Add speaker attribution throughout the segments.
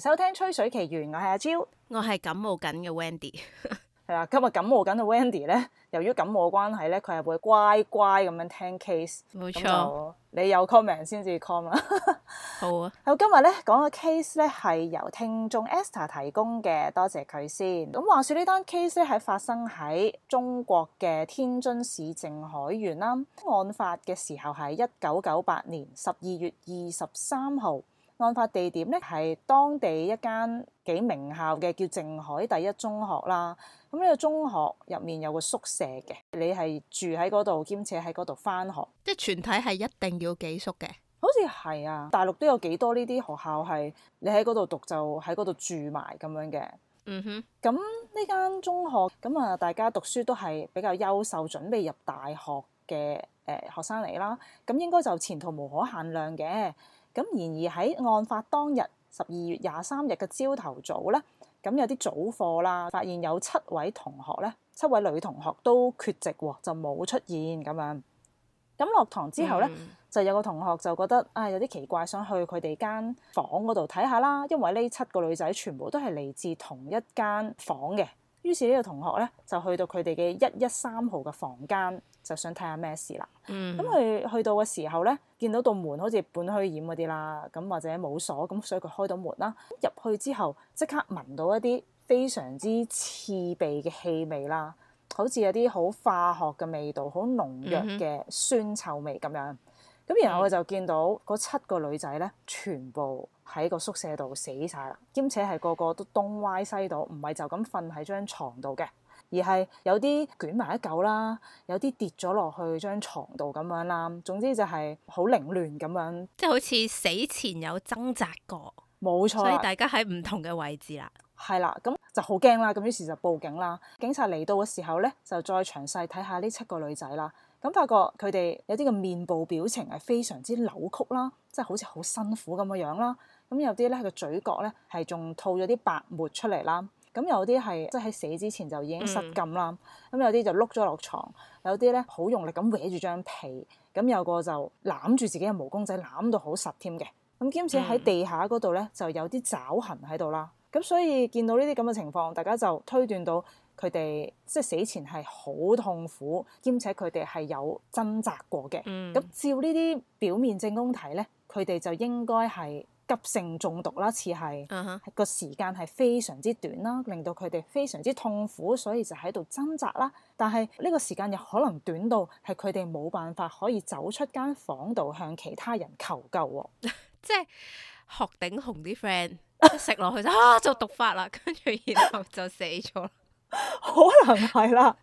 Speaker 1: 收聽吹水奇緣，我係阿 Jill，我係感冒緊嘅 Wendy 係啦。 今日感冒緊嘅 Wendy 咧，由於感冒關係咧，佢係會乖乖咁樣聽 case，冇錯錯。你有 comment 先至 comment， 好啊。好，今日咧講嘅 case 咧係由聽眾 Esther 提供嘅，多謝佢先。咁話說呢單 case 咧係發生喺中國嘅天津市靜海縣啦。案發嘅時候係一九九八年十二月二十三號。案發地點呢係當地一間幾名校嘅叫靜海第一中學啦。咁、嗯、呢、這個中學入面有個宿舍嘅，你係住喺嗰度，兼且喺嗰度返學，即係全體係一定要寄宿嘅。好似係啊，大陸都有幾多呢啲學校係你喺嗰度讀就喺嗰度住埋咁樣嘅。嗯哼。咁呢間中學咁啊、嗯，大家讀書都係比較優秀，準備入大學嘅誒、呃、學生嚟啦。咁、嗯、應該就前途無可限量嘅。咁然而喺案發當日十二月廿三日嘅朝頭早咧，咁有啲早課啦，發現有七位同學咧，七位女同學都缺席，就冇出現，咁樣。咁落堂之後咧，嗯、就有個同學就覺得啊、哎，有啲奇怪，想去佢哋間房嗰度睇下啦，因為呢七個女仔全部都係嚟自同一間房嘅。於是呢個同學咧就去到佢哋嘅一一三號嘅房間，就想睇下咩事啦。
Speaker 2: 咁佢、mm hmm.
Speaker 1: 嗯、去到嘅時候咧，見到道門好似半虛掩嗰啲啦，咁或者冇鎖，咁所以佢開到門啦。入去之後即刻聞到一啲非常之刺鼻嘅氣味啦，好似有啲好化學嘅味道，好濃弱嘅酸臭味咁樣。Mm hmm. 咁然後我就見到嗰七個女仔咧，全部喺個宿舍度死晒啦，兼且係個個都東歪西倒，唔係就咁瞓喺張床度嘅，而係有啲捲埋一嚿啦，有啲跌咗落去張床度咁樣啦，總之就係好凌亂咁樣，即係好似死前有掙扎過，冇錯啊。所以大家喺唔同嘅位置啦，係啦，咁就好驚啦，咁於是就報警啦。警察嚟到嘅時候咧，就再詳細睇下呢七個女仔啦。咁發覺佢哋有啲嘅面部表情係非常之扭曲啦，即係好似好辛苦咁嘅樣啦。咁有啲咧個嘴角咧係仲吐咗啲白沫出嚟啦。咁有啲係即係喺死之前就已經失禁啦。咁、嗯、有啲就碌咗落床，有啲咧好用力咁搲住張被。咁有個就攬住自己嘅毛公仔，攬到好實添嘅。咁兼且喺地下嗰度咧就有啲爪痕喺度啦。咁所以見到呢啲咁嘅情況，大家就推斷到。佢哋即係死前係好痛苦，兼且佢哋係有掙扎過嘅。咁、嗯、照呢啲表面證供睇咧，佢哋就應該係急性中毒啦，似係個、uh huh. 時間係非常之短啦，令到佢哋非常之痛苦，所以就喺度掙扎啦。但係呢個時間又可能短到係佢哋冇辦法
Speaker 2: 可以走出間房度向其他人求救， 即係學頂紅啲 friend 食落去就啊就毒發啦，跟住然後就死咗。
Speaker 1: 可能係啦，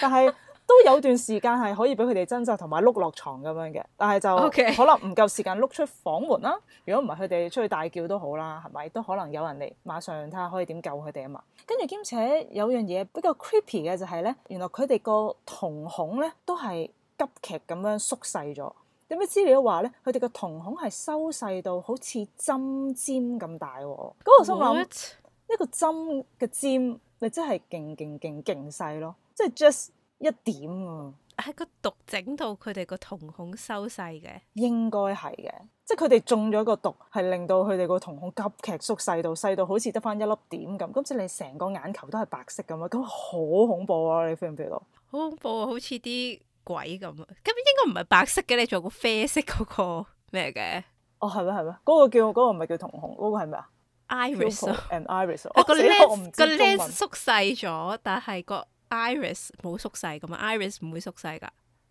Speaker 1: 但係都有段時間係可以俾佢哋掙扎同埋碌落床咁樣嘅，但係就可能唔夠時間碌出房門啦。如果唔係佢哋出去大叫都好啦，係咪？都可能有人嚟馬上睇下可以點救佢哋啊嘛。跟住兼且有樣嘢比較 creepy 嘅就係、是、咧，原來佢哋個瞳孔咧都係急劇咁樣縮細咗。點解資料話咧？佢哋個瞳孔係收細到好似針尖咁大，啊。嗰個我心諗一個針嘅尖。咪真係勁勁勁勁細咯！即係 just 一點喎，係個、哎、毒整到佢哋個
Speaker 2: 瞳孔收細嘅，應該係嘅。
Speaker 1: 即係佢哋中咗個毒，係令到佢哋個瞳孔急劇縮細到細到好似得翻一粒點咁。咁即係你成個眼球都係白色咁啊！咁
Speaker 2: 好恐怖啊！你 feel 唔 feel 到？好恐怖啊！好似啲鬼咁啊！咁應該唔係白色嘅，你仲有個啡色嗰、那個咩嘅？哦，係咯係咯，嗰、那個叫嗰、那個唔係叫瞳孔，嗰、那個係咩啊？iris 啊，了個 lens 縮細咗，但係個 iris 冇縮細㗎嘛，iris 唔會縮細㗎。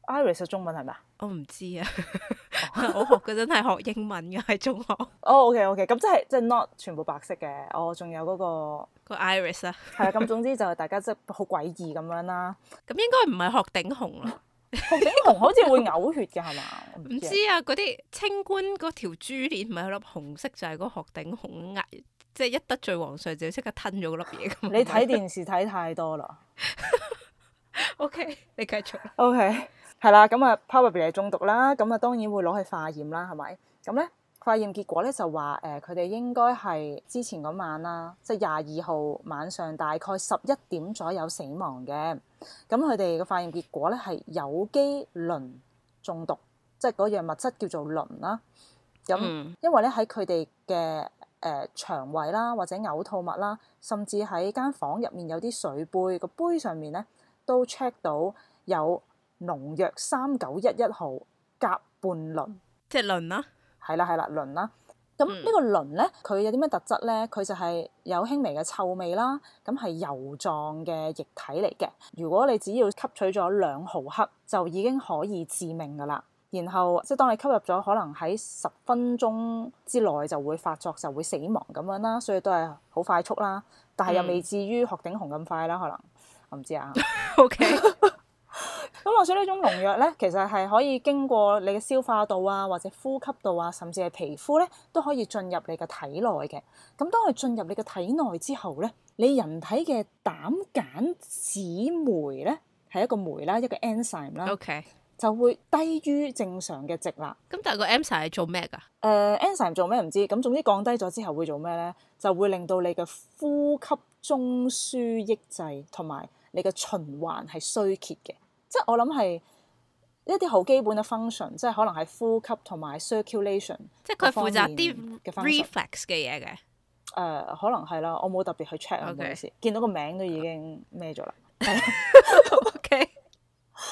Speaker 2: iris 嘅中文係咪啊？我唔知啊， 我學嗰陣係學英文嘅喺中學。哦，OK，OK，咁
Speaker 1: 即係即係 not 全部白色嘅。我、oh, 仲有嗰、嗰個個 iris 啊，係 啊、嗯。咁總之就係大家即係好詭異咁樣啦。咁 應該唔係鶴頂紅啦。
Speaker 2: 鶴頂紅好似會嘔血嘅係嘛？唔知啊，嗰啲清官嗰條珠鏈唔係有粒紅色就係嗰個鶴頂紅壓，即係一得罪皇上就要即刻吞咗嗰粒嘢咁。你睇電視睇太多啦。 okay，你繼續。O K，係啦，咁啊 probably
Speaker 1: 係中毒啦，咁啊當然會攞去化驗啦，係咪？咁咧。化驗結果咧就話誒，佢、呃、哋應該係之前嗰晚啦，即係廿二號晚上大概十一點左右死亡嘅。咁佢哋嘅化驗結果咧係有機磷中毒，即係嗰樣物質叫做磷啦。咁、嗯、因為咧喺佢哋嘅誒腸胃啦，或者嘔吐物啦，甚至喺間房入面有啲水杯個杯上面咧都 check 到有農藥三九一一號甲拌磷，即係磷啦。係啦係啦，磷啦。咁呢個磷咧，佢有啲咩特質咧？佢就係有輕微嘅臭味啦。咁係油狀嘅液體嚟嘅。如果你只要吸取咗兩毫克，就已經可以致命噶啦。然後即係當你吸入咗，可能喺十分鐘之內就會發作，就會死亡咁樣啦。所以都係好快速啦。但係又未至於鶴頂紅咁快啦。可能我唔知啊。OK。咁我想呢種農藥咧，其實係可以經過你嘅消化道啊，或者呼吸道啊，甚至係皮膚咧，都可以進入你嘅體內嘅。咁當佢進入你嘅體內之後咧，你人體嘅膽鹼酯酶咧係一個酶啦，一個 enzyme 啦，OK，就會低於正常嘅值啦。咁但係個 enzyme 係做咩噶？誒，enzyme、呃、做咩唔知，咁總之降低咗之後會做咩咧？就會令到你嘅呼吸中樞抑制，同埋你嘅循環係衰竭嘅。即係我諗係一啲好基本嘅 function，即係可能係呼吸同埋 circulation，即係佢負責啲 reflex 嘅嘢嘅。誒、呃，可能係啦，我冇特別去 check 啊，嗰陣時見到個名都已經咩咗啦。OK，OK，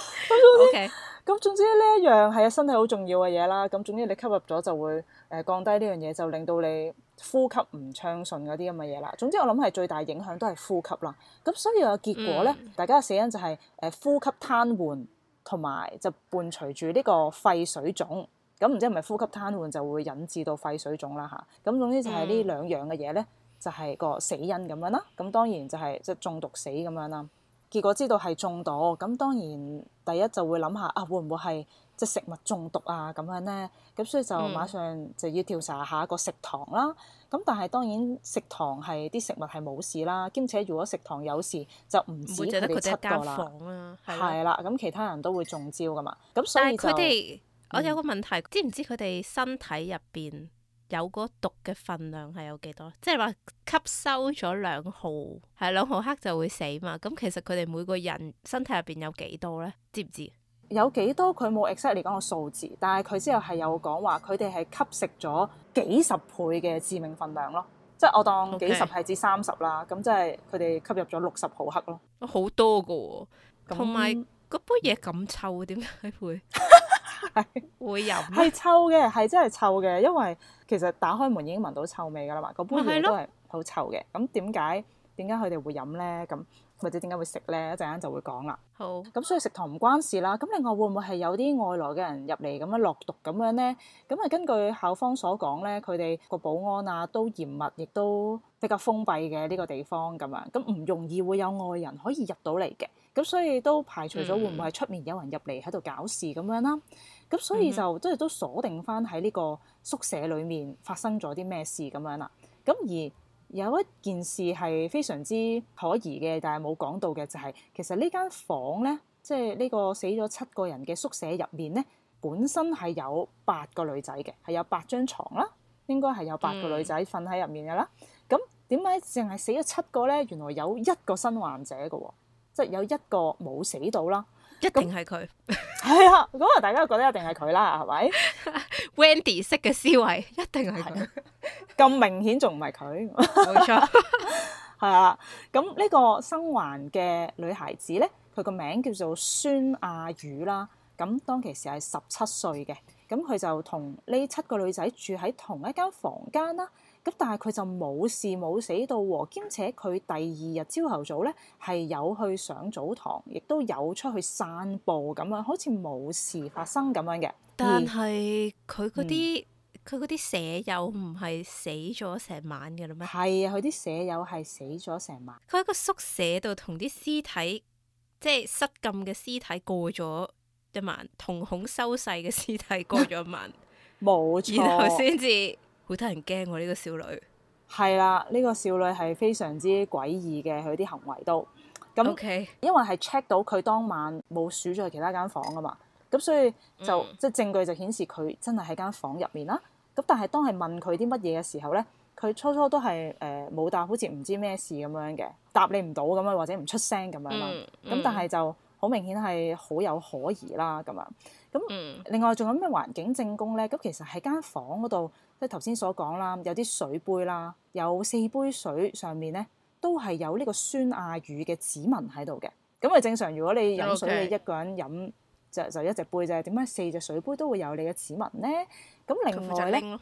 Speaker 1: 咁總之呢咁總之呢一樣係啊身體好重要嘅嘢啦。咁總之你吸入咗就會誒降低呢樣嘢，就令到你。呼吸唔暢順嗰啲咁嘅嘢啦，總之我諗係最大影響都係呼吸啦。咁所以個結果咧，嗯、大家嘅死因就係誒呼吸癱瘓，同埋就伴隨住呢個肺水腫。咁唔知係咪呼吸癱瘓就會引致到肺水腫啦嚇。咁總之就係呢兩樣嘅嘢咧，就係、是、個死因咁樣啦。咁當然就係即中毒死咁樣啦。結果知道係中毒，咁當然第一就會諗下啊會唔會係？即食物中毒啊咁樣咧，咁所以就馬上就要調查下一個食堂啦。咁、嗯、但係當然食堂係啲食物係冇事啦，兼且如果食堂有事就唔止得佢七個啦，
Speaker 2: 係啦、啊。咁其他人都會中招噶嘛。咁所以佢哋，嗯、我有個問題，知唔知佢哋身體入邊有嗰毒嘅份量係有幾多？即係話吸收咗兩毫係兩毫克就會死嘛。咁其實佢哋每個人身體入邊有幾多咧？知唔知？有幾多佢冇 exactly 講
Speaker 1: 個數字，但係佢之後係有講話，佢哋係吸食咗幾十倍嘅致命分量咯。即係我當幾十係至三十啦，咁即係佢哋吸入咗六十毫克咯。好多噶、哦，同埋
Speaker 2: 嗰杯嘢咁臭，點解會？
Speaker 1: 是 會飲嗎？係臭嘅，係真係臭嘅，因為其實打開門已經聞到臭味噶啦嘛。嗰杯嘢都係好臭嘅。咁點解？點解佢哋會飲咧？咁？或者點解會食咧？一陣間就會講啦。好。咁所以食堂唔關事啦。咁另外會唔會係有啲外來嘅人入嚟咁樣落毒咁樣咧？咁啊，根據校方所講咧，佢哋個保安啊都嚴密，亦都比較封閉嘅呢個地方咁樣。咁唔容易會有外人可以入到嚟嘅。咁所以都排除咗會唔會係出面有人入嚟喺度搞事咁樣啦。咁所以就即係都鎖定翻喺呢個宿舍裏面發生咗啲咩事咁樣啦。咁而有一件事係非常之可疑嘅，但係冇講到嘅就係，其實呢間房咧，即係呢個死咗七個人嘅宿舍入面咧，本身係有八個女仔嘅，係有八張床啦，應該係有八個女仔瞓喺入面嘅啦。咁點解淨係死咗七個咧？原來有一個生還者嘅，即係有一個冇死到啦，一定係佢。係 啊，咁啊，大家都覺得一定係佢啦，係咪？ Wendy 式嘅思維一定係佢。咁明顯仲唔係佢？冇錯，係啊。咁呢個生還嘅女孩子咧，佢個名叫做孫亞宇啦。咁當其時係十七歲嘅，咁佢就同呢七個女仔住喺同一間房間啦。咁但係佢就冇事冇死到，兼且佢第二日朝頭早咧，係有去上早堂，亦都有出去散步咁樣，好似冇事發生咁樣
Speaker 2: 嘅。但係佢嗰啲佢嗰啲舍友唔係死咗成晚㗎喇咩？係啊，佢啲舍友係死咗成晚。佢喺個宿舍度同啲屍體，即係失禁嘅屍體過咗一晚，瞳孔收細嘅屍體過咗一晚，冇 錯。然後先至。好得人驚喎！呢、啊這個少女
Speaker 1: 係啦，呢、這個少女係非常之詭異嘅，佢啲行為都咁，Okay. 因為係 check 到佢當晚冇鼠咗去其他間房啊嘛，咁所以就即係、嗯、證據就顯示佢真係喺間房入面啦。咁但係當係問佢啲乜嘢嘅時候咧，佢初初都係誒冇答，好似唔知咩事咁樣嘅答你唔到咁樣，或者唔出聲咁樣啦。咁、嗯、但係就好明顯係好有可疑啦咁啊。咁、嗯、另外仲有咩環境證供咧？咁其實喺間房嗰度。即係頭先所講啦，有啲水杯啦，有四杯水上面咧都係有呢個酸亞魚嘅指紋喺度嘅。咁啊正常，如果你飲水，Okay. 你一個人飲就就一隻杯啫。點解四隻水杯都會有你嘅指紋咧？咁另外咧。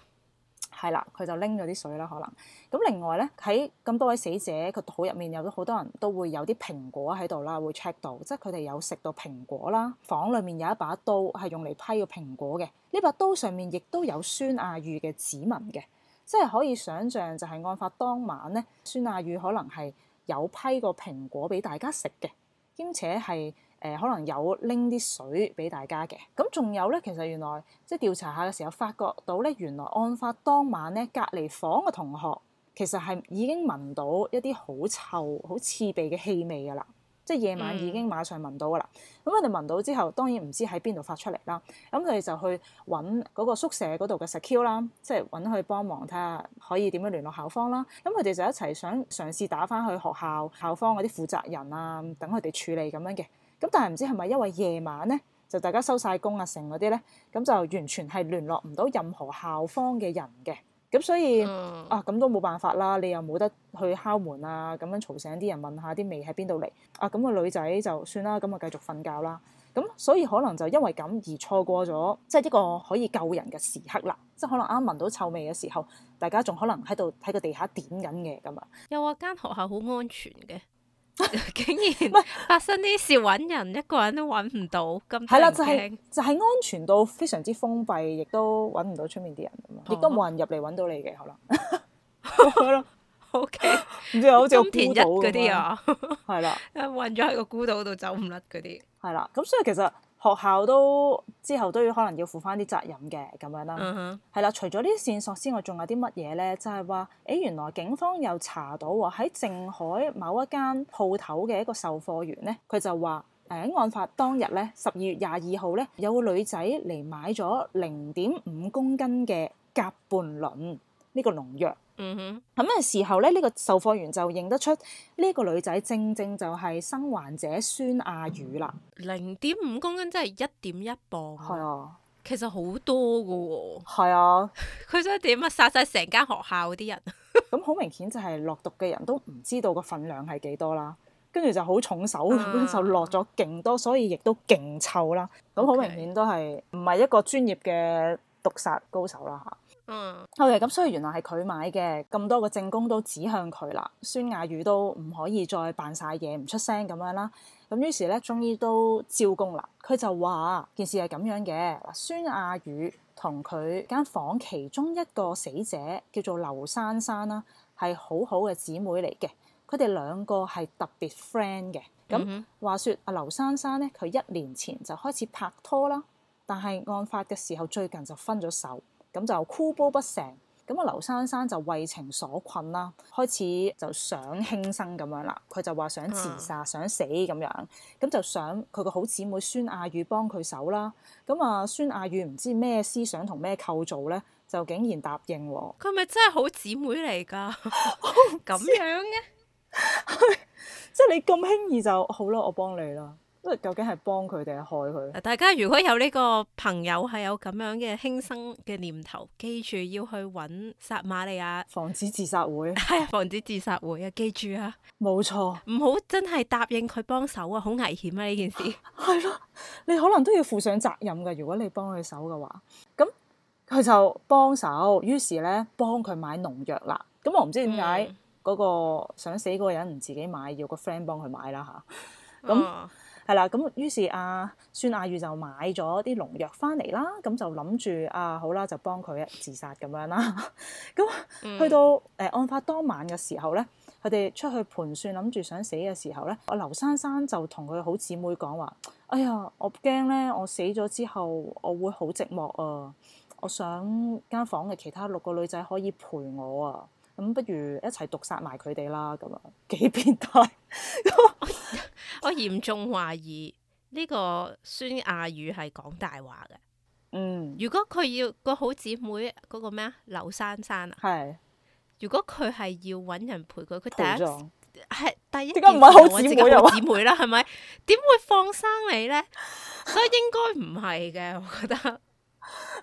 Speaker 1: 係啦，佢就拎咗啲水啦，可能咁。另外咧，喺咁多位死者個肚入面有好多人都會有啲蘋果喺度啦，會 check 到，即係佢哋有食到蘋果啦。房裏面有一把刀係用嚟批個蘋果嘅，呢把刀上面亦都有孫亞宇嘅指紋嘅，即係可以想象就係案發當晚咧，孫亞宇可能係有批個蘋果俾大家食嘅，兼且係。誒可能有拎啲水俾大家嘅咁，仲有咧。其實原來即係調查下嘅時候，發覺到咧，原來案發當晚咧，隔離房嘅同學其實係已經聞到一啲好臭好刺鼻嘅氣味㗎啦。即係夜晚已經馬上聞到㗎啦。咁佢哋聞到之後，當然唔知喺邊度發出嚟啦。咁佢哋就去揾嗰個宿舍嗰度嘅 secure 啦，即係揾佢幫忙睇下可以點樣聯絡校方啦。咁佢哋就一齊想嘗試打翻去學校校方嗰啲負責人啊，等佢哋處理咁樣嘅。咁但係唔知係咪因為夜晚咧，就大家收晒工啊成嗰啲咧，咁就完全係聯絡唔到任何校方嘅人嘅。咁所以、嗯、啊，咁都冇辦法啦。你又冇得去敲門啊，咁樣嘈醒啲人問下啲味喺邊度嚟啊？咁個女仔就算啦，咁啊繼續瞓覺啦。咁所以可能就因為咁而錯過咗，即係一個可以救人嘅時刻啦。即係可能啱聞到臭味嘅時候，大家仲可能喺度喺個地下點緊嘅
Speaker 2: 咁啊。又話間學校好安全嘅。 竟然唔發生啲事揾人一個人都揾唔到咁，係啦就係、是、
Speaker 1: 就係、是、安全到非常之封閉，亦都揾唔到出面啲人咁，亦都冇人入嚟揾到你嘅可能。係
Speaker 2: 咯 ，OK，唔 知好似金田一嗰啲啊，係 啦，困咗喺個孤島度走唔甩嗰啲，
Speaker 1: 係啦。咁所以其實。學校都之後都要可能要負翻啲責任嘅咁樣啦，係啦、uh huh。除咗呢啲線索之外，仲有啲乜嘢咧？就係、是、話，誒原來警方又查到喺靜海某一間鋪頭嘅一個售貨員咧，佢就話誒、哎、案發當日咧，十二月廿二號咧，有個女仔嚟買咗零點五公斤嘅甲拌磷呢個農藥。嗯哼，咁嘅時候咧，呢、這個售貨員就認得出呢個女仔正正就係生還者孫亞宇啦。
Speaker 2: 零點五公斤即係一點一磅，係啊，
Speaker 1: 其實好多噶喎，係啊，
Speaker 2: 佢想點啊？殺晒成間學校啲人，
Speaker 1: 咁好明顯就係落毒嘅人都唔知道個份量係幾多啦，跟住就好重手，就落咗勁多，所以亦都勁臭啦。咁好明顯都係唔係一個專業嘅毒殺高手啦吓。嗯，OK 咁，所以原來係佢買嘅咁多個證供都指向佢啦。孫亞宇都唔可以再扮晒嘢，唔出聲咁樣啦。咁於是咧，終於都招供啦。佢就話件事係咁樣嘅。孫亞宇同佢間房其中一個死者叫做劉珊珊啦，係好好嘅姊妹嚟嘅。佢哋兩個係特別 friend 嘅。咁、mm hmm. 話說阿劉珊珊咧，佢一年前就開始拍拖啦，但係案發嘅時候最近就分咗手。咁就箍煲不成。咁啊劉珊珊就為情所困啦，開始就想輕生咁樣啦，佢就話想自殺，嗯、想死咁樣，咁就想佢個好姊妹孫亞宇幫佢手啦，咁啊孫亞宇唔知咩思想同咩構造咧，就竟然答應喎。
Speaker 2: 佢咪真係好姊妹嚟噶？咁 樣嘅
Speaker 1: 呢，即係 你咁輕易就好啦，我幫你啦。因為究竟係幫佢定係害佢？大家
Speaker 2: 如果有呢個朋友係有咁樣嘅輕生嘅念頭，記住要去揾撒瑪利亞防止自殺會，係 防止自殺會啊！記住啊，冇錯，唔好真係答應佢幫手啊，好危險啊呢件事！係咯
Speaker 1: 你可能都要負上責任㗎。如果你幫佢手嘅話，咁佢就幫手，於是呢，幫佢買農藥啦。咁我唔知點解嗰個想死嗰個人唔自己買，要個 friend 幫佢買啦吓。咁係啦，咁於是阿、啊、孫亞宇就買咗啲農藥翻嚟啦，咁、嗯、就諗住啊好啦，就幫佢自殺咁樣啦。咁、 嗯、去到誒案發當晚嘅時候咧，佢哋出去盤算，諗住想死嘅時候咧，我劉珊珊就同佢好姊妹講話，哎呀，我驚咧，我死咗之後我會好寂寞啊！我想間房嘅其他六個女仔可以陪我啊！咁不如一齊毒殺埋佢哋啦，咁樣幾變態。
Speaker 2: 我嚴重懷疑呢、這個孫亞宇係講大話嘅。嗯，如果佢要好姐個好姊妹嗰個咩啊，劉珊珊啊，係是。如果佢係要揾人陪佢，佢第一係壯第一件事，好姊妹，姊妹啦，係咪嗎？點 會放生你咧？所以應該唔係嘅，我覺得 Chill。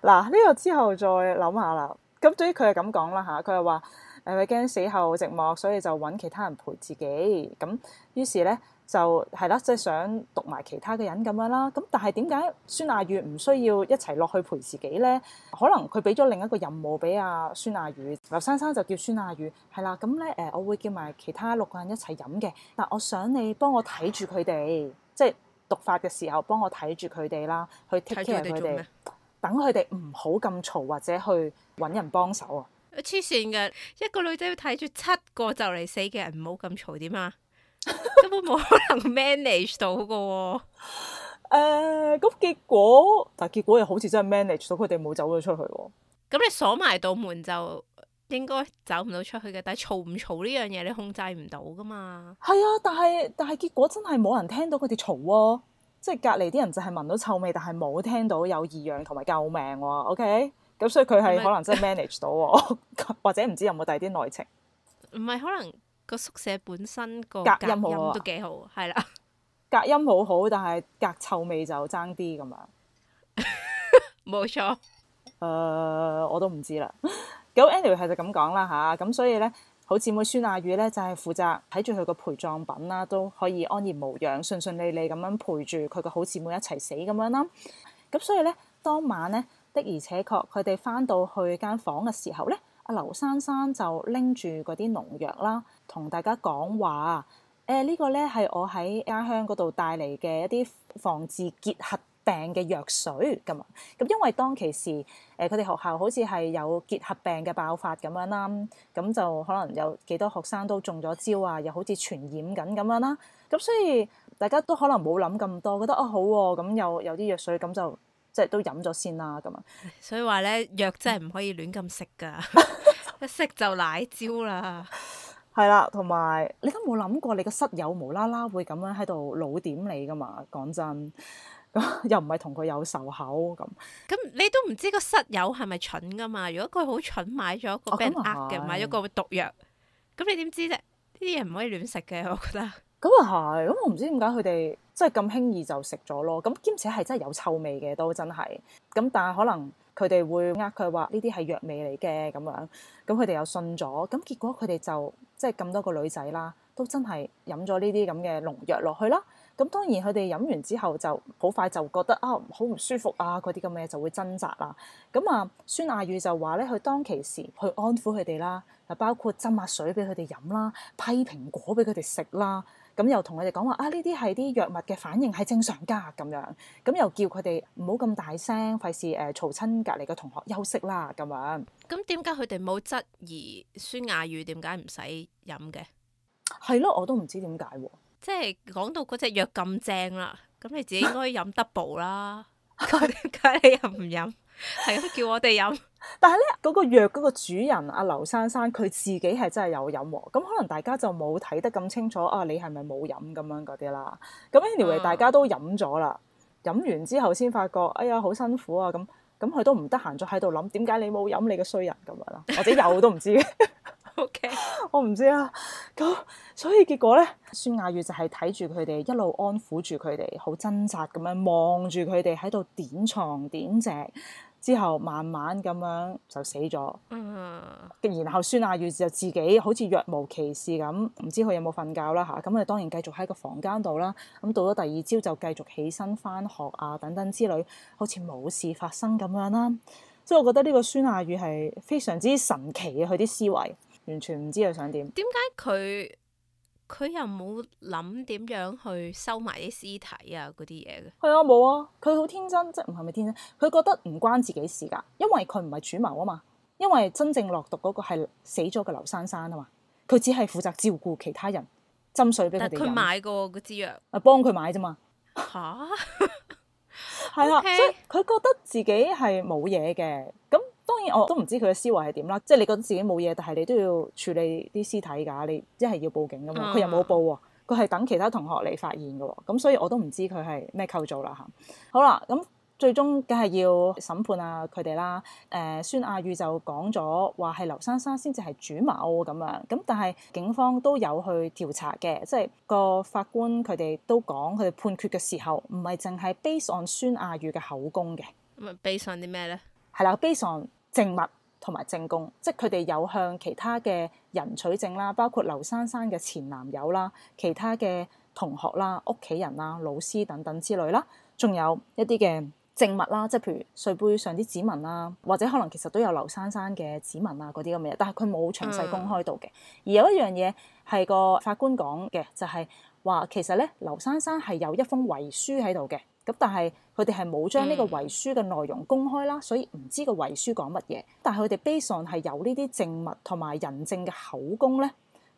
Speaker 1: 嗱， 呢、這個之後再諗下啦。咁對於佢係咁講啦吓，佢係話。誒佢驚死後寂寞，所以就揾其他人陪自己。咁於是咧就係啦，即係、就是、想讀埋其他嘅人咁樣啦。咁但係點解孫雅宇唔需要一齊落去陪自己咧？可能佢俾咗另一個任務俾阿、啊、孫雅宇。劉珊珊就叫孫雅宇係啦。咁咧誒，我會叫埋其他六個人一齊飲嘅。但我想你幫我睇住佢哋，即、就、係、是、讀法嘅時候幫我睇住佢哋啦，去 take care 佢哋，等佢哋唔好咁嘈或者去揾人幫手啊。
Speaker 2: 黐線㗎，一個女仔要睇住七個就嚟死嘅人，唔好咁嘈點啊！ 根本冇可能 manage 到㗎。誒、
Speaker 1: 呃，咁結果，但係結果又好似真係 manage 到，佢哋冇走咗出去。
Speaker 2: 咁、嗯、你鎖埋道門就應該走唔到出去嘅。但係嘈唔嘈呢樣嘢，你控制唔到噶嘛？
Speaker 1: 係啊，但係但係結果真係冇人聽到佢哋嘈啊！即、就、係、是、隔籬啲人就係聞到臭味，但係冇聽到有異樣同埋救命、啊。OK。咁所以佢係可能真係 manage 到， 或者唔知有冇第二啲內情？
Speaker 2: 唔係可能個宿舍本身個隔音好都幾好，係啦。
Speaker 1: 隔音好、啊、隔音好，但係隔臭味就爭啲咁樣。冇錯 錯。誒，uh, 我都唔知啦。咁 anyway 係就咁講啦吓，咁所以咧，好姊妹孫亞宇咧就係、是、負責睇住佢個陪葬品啦，都可以安然無恙、順順利利咁樣陪住佢個好姊妹一齊死咁樣啦。咁所以咧，當晚咧。的而且確，佢哋翻到去間房嘅時候咧，阿劉珊珊就拎住嗰啲農藥啦，同大家講話：，誒、呃這個、呢個咧係我喺家鄉嗰度帶嚟嘅一啲防治結核病嘅藥水咁。咁因為當其時，誒佢哋學校好似係有結核病嘅爆發咁樣啦，咁就可能有幾多學生都中咗招啊，又好似傳染緊咁樣啦。咁所以大家都可能冇諗咁多，覺得啊好喎、啊，咁有有啲藥水咁就。即係都飲咗先啦，
Speaker 2: 咁啊，所以話咧藥真係唔可以亂咁食噶，一食就奶焦啦。
Speaker 1: 係啦，同埋你都冇諗過你個室友無啦啦會咁樣喺度老點你噶嘛？講真，又唔係同佢有仇口咁。
Speaker 2: 咁你都唔知個室友係咪蠢噶嘛？如果佢好蠢買咗個俾人呃嘅，買咗個毒藥，咁你點知啫？呢啲嘢唔可以亂食嘅，我覺得。
Speaker 1: 咁啊係，咁、嗯嗯、我唔知點解佢哋即係咁輕易就食咗咯，咁、嗯、兼且係真係有臭味嘅都真係，咁、嗯、但係可能佢哋會呃佢話呢啲係藥味嚟嘅咁樣，咁佢哋又信咗，咁、嗯、結果佢哋就即係咁多個女仔啦，都真係飲咗呢啲咁嘅農藥落去啦，咁、嗯、當然佢哋飲完之後就好快就覺得啊好唔舒服啊嗰啲咁嘅嘢就會掙扎啦，咁、嗯、啊孫亞宇就話咧佢當其時去安撫佢哋啦，啊包括斟下水俾佢哋飲啦，批蘋果俾佢哋食啦。咁又同佢哋講話啊，呢啲係啲藥物嘅反應係正常㗎，咁樣。咁又叫佢哋唔好咁大聲，費事誒
Speaker 2: 嘈親隔離嘅同學休
Speaker 1: 息啦。咁樣，
Speaker 2: 咁點解佢哋冇質疑孫雅語點解唔使飲嘅？係咯，我都唔知點解喎。即係講到嗰隻藥咁正啦，咁你自己應該飲 double 啦。點解 你又唔飲？係啊，叫我哋飲。
Speaker 1: 但係咧，嗰個藥，嗰個主人阿劉珊珊佢自己係真係有飲喎，咁可能大家就冇睇得咁清楚啊！你係咪冇飲咁樣嗰啲啦？咁 anyway 大家都飲咗啦，飲完之後先發覺，哎呀好辛苦啊！咁咁佢都唔得閒再喺度諗點解你冇飲你個衰人咁樣啦，或者有都唔知。 OK，我唔知啊。咁所以結果咧，孫雅月就係睇住佢哋一路安撫住佢哋，好掙扎咁樣望住佢哋喺度點床點席，之後慢慢咁樣就死咗，嗯啊、然後孫亞宇就自己好似若無其事咁，唔知佢有冇瞓覺啦嚇，咁、嗯、佢當然繼續喺個房間度啦。咁、嗯、到咗第二朝就繼續起身返學啊等等之類，好似冇事發生咁樣啦。即係我覺得呢個孫亞宇係非常之神奇嘅，佢啲思維完全唔知佢想點。
Speaker 2: 點解佢？佢又冇諗點樣去收埋啲屍體啊，嗰啲嘢
Speaker 1: 嘅。係啊，冇啊，佢好天真，即係唔係咪天真？佢覺得唔關自己事噶因為佢唔係主謀啊嘛。因為真正落毒嗰個係死咗嘅劉珊珊啊嘛，佢只係負責照顧其他人斟水俾佢哋飲。但
Speaker 2: 係佢買過支藥
Speaker 1: 啊，幫佢買啫嘛。吓哈，係 啦的，即係佢覺得自己係冇嘢嘅，咁。我都唔知佢嘅思維係點啦，即係你覺得自己冇嘢，但係你都要處理啲屍體㗎，你一係要報警噶嘛，佢又冇報喎，佢係等其他同學嚟發現嘅喎，咁所以我都唔知佢係咩構造啦嚇。好啦，咁最終梗係要審判啊佢哋啦。誒、呃，孫亞宇就講咗話係劉珊珊先至係主謀咁樣，咁但係警方都有去調查嘅，即係個法官佢哋都講佢哋判決嘅時候唔係淨係 base on 孫亞宇嘅口供嘅。
Speaker 2: 咁啊、嗯，base on 啲咩咧？
Speaker 1: 係啦，base on 證物同埋證供，即係佢哋有向其他嘅人取證啦，包括劉珊珊嘅前男友啦、其他嘅同學啦、屋企人啦、老師等等之類啦，仲有一啲嘅證物啦，即係譬如水杯上啲指紋啦，或者可能其實都有劉珊珊嘅指紋啊嗰啲咁嘅嘢，但係佢冇詳細公開到嘅。嗯、而有一樣嘢係個法官講嘅，就係話其實咧，劉珊珊係有一封遺書喺度嘅，咁但係，佢哋係冇將呢個遺書嘅內容公開啦，所以唔知個遺書講乜嘢。但係佢哋 basis 係有呢啲證物同埋人證嘅口供咧，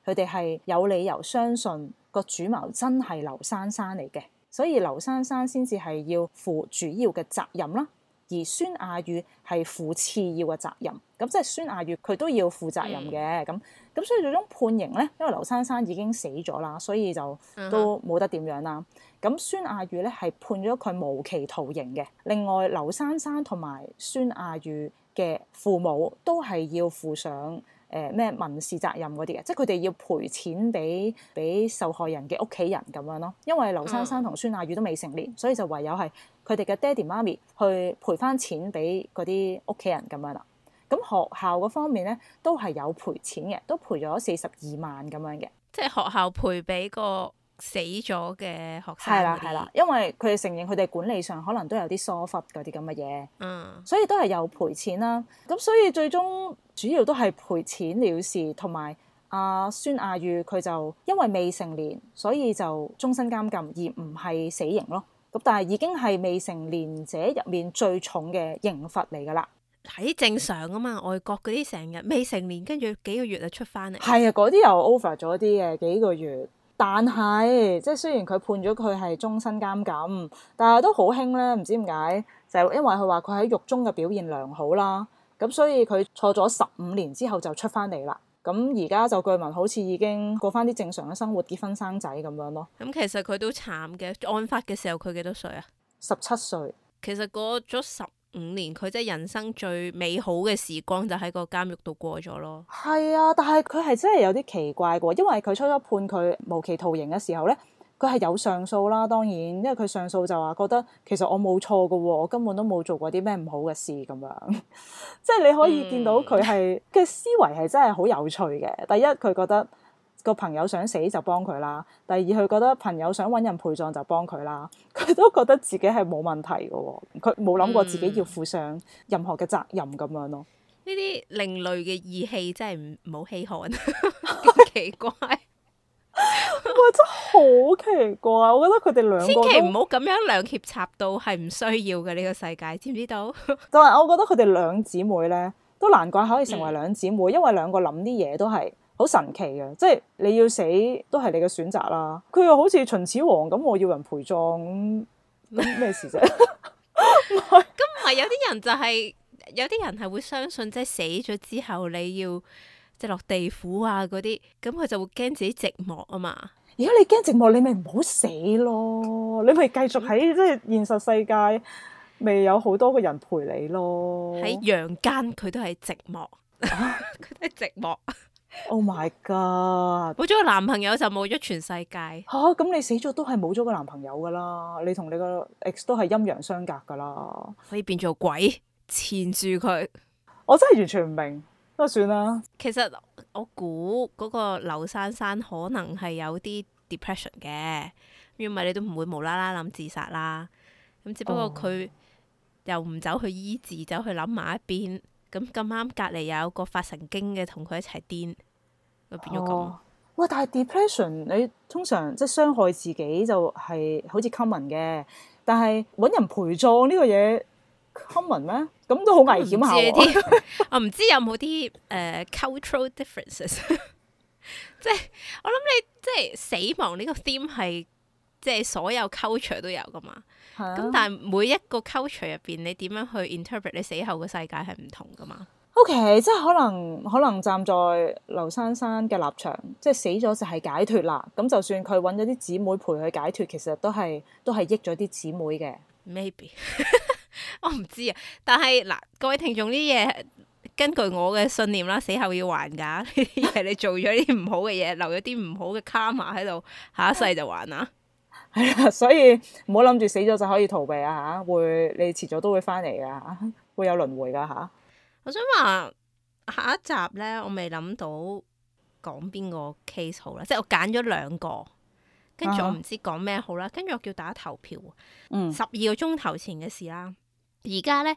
Speaker 1: 佢哋係有理由相信個主謀真係劉珊珊嚟嘅，所以劉珊珊先至係要負主要嘅責任啦。而孫亞宇係負次要嘅責任，咁即係孫亞宇佢都要負責任嘅，咁咁所以最終判刑咧，因為劉珊珊已經死咗啦，所以就都冇得點樣啦。咁孫亞宇咧係判咗佢無期徒刑嘅。另外，劉珊珊同埋孫亞宇嘅父母都係要負上誒咩、呃、民事責任嗰啲嘅，即係佢哋要賠錢俾俾受害人嘅屋企人咁樣咯。因為劉珊珊同孫亞宇都未成年，所以就唯有係。佢哋嘅爹哋媽咪去賠翻錢俾嗰啲屋企人咁樣啦。咁學校嘅方面咧，都係有賠錢嘅，都賠咗四十二萬咁樣嘅。
Speaker 2: 即係學校賠俾個死咗嘅學生。係啦係啦，
Speaker 1: 因為佢哋承認佢哋管理上可能都有啲疏忽嗰啲咁嘅嘢。嗯，所以都係有賠錢啦。咁所以最終主要都係賠錢了事，同埋阿孫亞宇佢就因為未成年，所以就終身監禁而唔係死刑咯。咁但係已經係未成年者入面最重嘅刑罰嚟噶
Speaker 2: 啦，係正常啊嘛。外國嗰啲成日未成年，跟住幾個月就出翻嚟，係
Speaker 1: 啊，嗰啲又 over 咗啲嘅幾個月。但係即係雖然佢判咗佢係終身監禁，但係都好輕咧。唔知點解就係因為佢話佢喺獄中嘅表現良好啦，咁所以佢坐咗十五年之後就出翻嚟啦。咁而家就據聞好似已經過返啲正常嘅生活，結婚生仔咁樣咯。
Speaker 2: 咁其實佢都慘嘅。案發嘅時候佢幾多歲啊？十七歲。其實過咗十五年，佢即係人生最美好嘅時光，就喺個監獄度過咗咯。
Speaker 1: 係啊，但係佢係真係有啲奇怪嘅，因為佢初初判佢無期徒刑嘅時候咧。佢係有上訴啦，當然，因為佢上訴就話覺得其實我冇錯㗎喎，我根本都冇做過啲咩唔好嘅事咁樣。即 係你可以見到佢係嘅思維係真係好有趣嘅。第一，佢覺得個朋友想死就幫佢啦；第二，佢覺得朋友想搵人陪葬就幫佢啦。佢都覺得自己係冇問題㗎喎，佢冇諗過自己要負上任何嘅責任咁、嗯、樣咯。
Speaker 2: 呢啲另類嘅義氣真係唔好稀罕， 好奇怪。 哇， 真係好奇
Speaker 1: 怪，我覺得佢哋兩個千祈唔
Speaker 2: 好咁樣兩肋插刀，係唔需要嘅，呢、呢個世界，知唔知道？但 係
Speaker 1: 我覺得佢哋兩姊妹咧，都難怪可以成為兩姊妹，嗯、因為兩個諗啲嘢都係好神奇嘅，即係你要死都係你嘅選擇啦。佢又好似秦始皇咁，我要人陪葬，咁咩事啫？
Speaker 2: 咁唔係有啲人就係、是、有啲人係會相信，即、就、係、是、死咗之後你要即落地府啊，嗰啲咁佢就會驚自己寂寞啊嘛。
Speaker 1: 如果你驚寂寞，你咪唔好死咯，你咪繼續喺即係現實世界，未有好多個人陪你咯。喺陽
Speaker 2: 間佢都係寂寞，佢、啊、 都寂寞。
Speaker 1: Oh my god！
Speaker 2: 冇咗個男朋友就冇咗全世界。吓
Speaker 1: 咁、啊、你死咗都係冇咗個男朋友噶啦，你同你個 x 都係陰陽相隔噶啦，
Speaker 2: 所以變做鬼纏住佢。我真係完
Speaker 1: 全唔明。都算啦。
Speaker 2: 其實我估嗰個劉珊珊可能係有啲 depression 嘅，因為你都唔會無啦啦諗自殺啦。咁只不過佢又唔走去醫治，走去諗埋一邊。咁咁啱隔離有個發神經嘅同佢一齊癲，就變咗咁。
Speaker 1: 喂、哦，但係 depression 你通常即係傷害自己就係好似 common 嘅，但係揾人陪葬呢個嘢，common 咩？咁
Speaker 2: 都好危險啊喎！我唔知有冇啲誒 cultural differences，即係我諗你即係死亡呢個 theme 係即係所有 culture 都有噶嘛？
Speaker 1: 咁但
Speaker 2: 係每一個 culture 入邊，你點樣去 interpret 你死後嘅世界係唔同噶嘛
Speaker 1: ？OK，即係可能可能站在劉珊珊嘅立場，即係死咗就係解脫啦。咁就算佢揾咗啲姊妹陪佢解脫，其實都
Speaker 2: 係都係益咗啲姊妹嘅。Maybe。 我唔知啊，但係嗱，各位聽眾啲嘢，根據我嘅信念啦，死後要還噶，啲 嘢你做咗啲唔好嘅嘢，留咗啲唔好嘅卡瑪喺度，下一世就還啦。係啊
Speaker 1: 所以唔好諗住死咗就可以逃避啊吓，會你遲早都會翻嚟噶，會有輪回噶吓。
Speaker 2: 啊、我想話下一集咧，我未諗到講邊個 case 好啦，即係我揀咗兩個，
Speaker 1: 跟住我唔知
Speaker 2: 講咩好啦，跟住、uh huh. 我叫大家投票，十二、嗯、個鐘頭前嘅事啦。而家呢，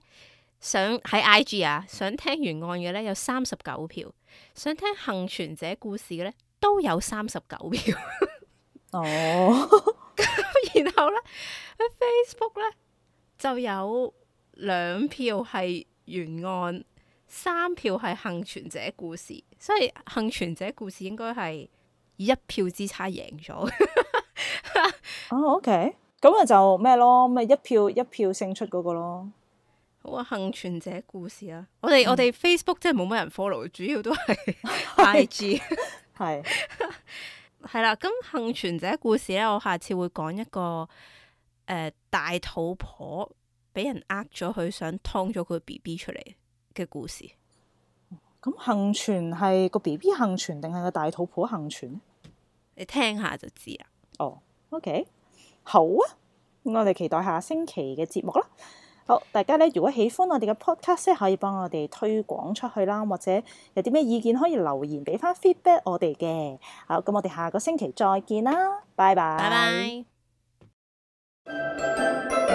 Speaker 2: 想喺 IG 啊，想聽懸案嘅呢，有三十九票，想聽幸存者故事嘅、 oh. 呢，都有三十九票。哦，咁然後呢，Facebook 呢，就有兩票係懸案，三票係幸存者故事，所以幸存者故事應該係一票之差贏咗。哦，OK。咁啊、嗯、就咩咯，咪一票一票勝出嗰個咯。好啊，幸存者故事啊，我哋、嗯、我哋 Facebook 真係冇乜人 follow，主要都係 IG 係係啦。咁 幸存者故事咧，我下次會講一個誒、呃、大肚婆俾人呃咗，佢想劏咗佢 B B 出嚟嘅故事。
Speaker 1: 咁幸存係個 B B 幸存，定係個大肚婆幸存？
Speaker 2: 你聽下就知啦。
Speaker 1: 哦，OK。好啊，咁我哋期待下星期嘅節目啦。好，大家咧，如果喜歡我哋嘅 podcast，可以幫我哋推廣出去啦，或者有啲咩意見可以留言俾翻 feedback 我哋嘅。好，咁我哋下個星期再見啦，拜拜。Bye bye。